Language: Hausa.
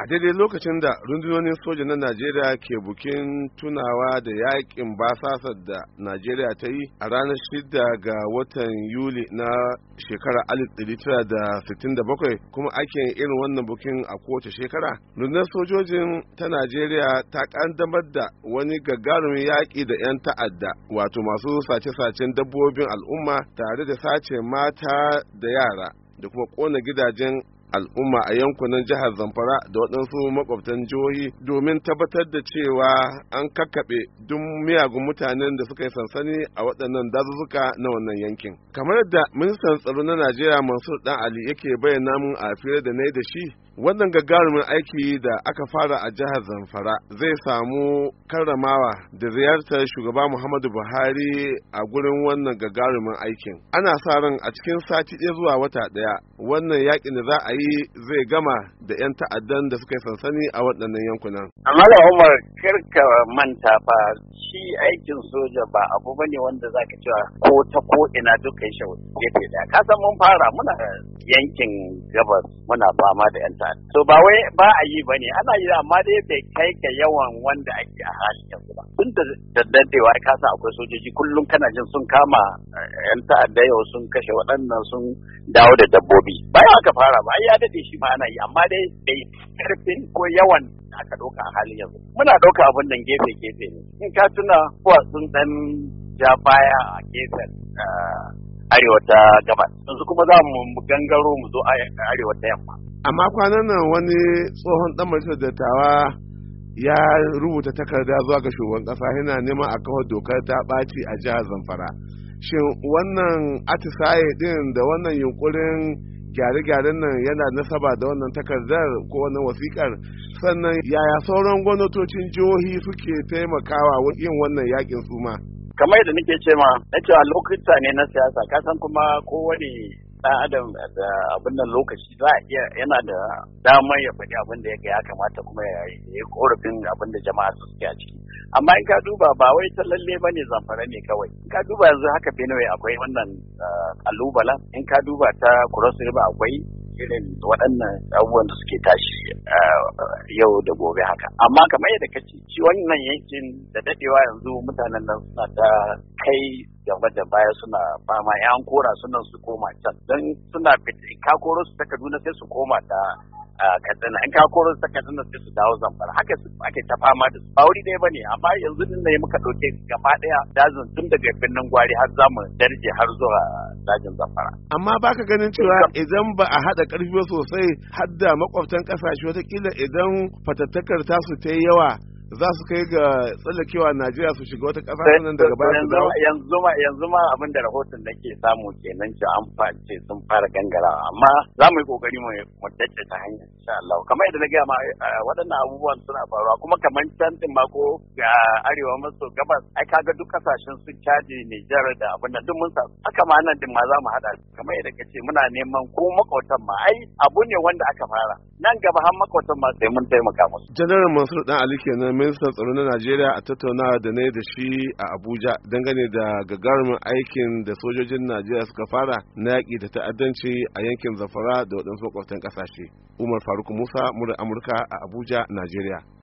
a daidai lokacin da rundunonin soja na najeriya ke bukin tunawa da yakin basasar da najeriya ta yi a ranar 6 ga watan yuli na shekarar 1967 kuma ake irin wannan bukin a kowace shekara rundunar sojojin ta najeriya ta kandamar da wani gagarumin yaƙi da 'yan ta'adda wato masu sace-sacen dabbobin al'umma tare da sace mata da yara da kuma kona gidajen al'umma a yankunan jihar zamfara da waɗansu makwabtan jihohi domin tabbatar da cewa an kakkaɓe duk miyagun mutanen da suka yi sansani a waɗannan dazuzzuka na wannan yankin kamar yadda ministan tsaro na najeriya mansur dan ali yake bayyana mun a fira da na da shi wannan gagarumin aiki da aka fara a jihar zamfara zai samu karramawa da ziyartar shugaba muhammadu buhari a gurin wannan gagarumin aikin ana sa ran a cikin sati ɗaya zuwa wata ɗaya wannan yaƙin da za a yi zai gama da 'yan ta'addan da suka yi sansani a waɗannan yankunan. Amma da Umar karka manta fa shi aikin soja ba abu bane wanda za ka cewa ko ta ko ina duka ya gefe daya. Ka san mun fara muna yankin gabas muna fama da 'yan ta'adda. To ba wai ba a yi ba ne, ana yi amma dai bai kai ka yawan wanda ake a halin yanzu ba. Tun da daddadewa ka san akwai sojoji kullum kana jin sun kama eh, 'yan ta'adda yau sun kashe waɗannan sun dawo da dabbobi. Bayan ka fara ba ya daɗe shi ma ana yi amma dai bai karfin ko yawan aka ɗauka a halin yanzu. Muna ɗauka abin nan gefe-gefe ne. In ka tuna kuwa sun ɗan ja baya a gefen eh, arewa ta gabas. Yanzu kuma za mu gangaro mu zo arewa ta yamma. Amma kwanan nan wani tsohon ɗan majalisar dattawa ya rubuta takarda zuwa ga shugaban ƙasa yana neman a kawo dokar ta ɓaci a jihar Zamfara. Shin wannan atisaye ɗin da wannan yunkurin gyare-gyaren nan yana nasaba da wannan takardar ko wannan wasikar sannan yaya sauran gwamnatocin jihohi suke taimakawa yin wannan yakin suma kamar yadda nake ce ma na cewa lokuta ne na siyasa kasan kuma kowane dan adam da abin nan lokaci za iya yana da damar ya faɗi abin da ya kamata kuma ya yi korafin abin da jama'a suke a ciki amma in ka duba ba wai ta lalle ba ne zamfara ne kawai in ka duba yanzu haka benue akwai wannan eh, kalubala in ka duba ta cross river akwai irin waɗannan abubuwan da suke tashi eh, yau da gobe haka amma kamar yadda ka ce shi wannan yankin da dadewa yanzu mutanen nan suna ta kai gaba da baya suna fama yan kora sunan su koma can don suna fita ka koro su ta kaduna sai su koma ta katsina in ka koro sa katsina sai su dawo zamfara haka su ake ta fama da su ba wuri ɗaya bane amma yanzu din ne muka ɗauke gaba ɗaya dajin tun daga birnin gwari har zamu darje har zuwa dajin zamfara. amma baka ganin cewa idan ba a haɗa ƙarfi sosai har hadda makwabtan ƙasashe watakila idan fatattakar tasu ta yi yawa za su kai ga tsallakewa Najeriya su shiga wata ƙasa eh, nan daga baya su dawo yanzu ma yanzu ma abin da rahoton nake samu kenan ce an face sun fara gangarawa amma za mu yi kokari mu mu ta hanyar insha Allah kamar yadda na ga ma eh, waɗannan abubuwan suna faruwa kuma kamar can din ma ko ga arewa maso gabas ai kaga duk kasashen su caji Niger da abin nan duk mun sa haka ma nan din ma za mu haɗa kamar yadda kace muna neman ko makwatan ma ai abu ne wanda aka fara nan gaba har makwatan ma sai mun taimaka musu. General Mansur Dan Ali kenan ministan tsaro na najeriya a tattaunawa da na da shi a abuja dangane da gagarumin aikin da sojojin najeriya suka fara na yaƙi da ta'addanci a yankin zamfara da waɗansu makwabtan ƙasashe umar faruk musa murar amurka a abuja najeriya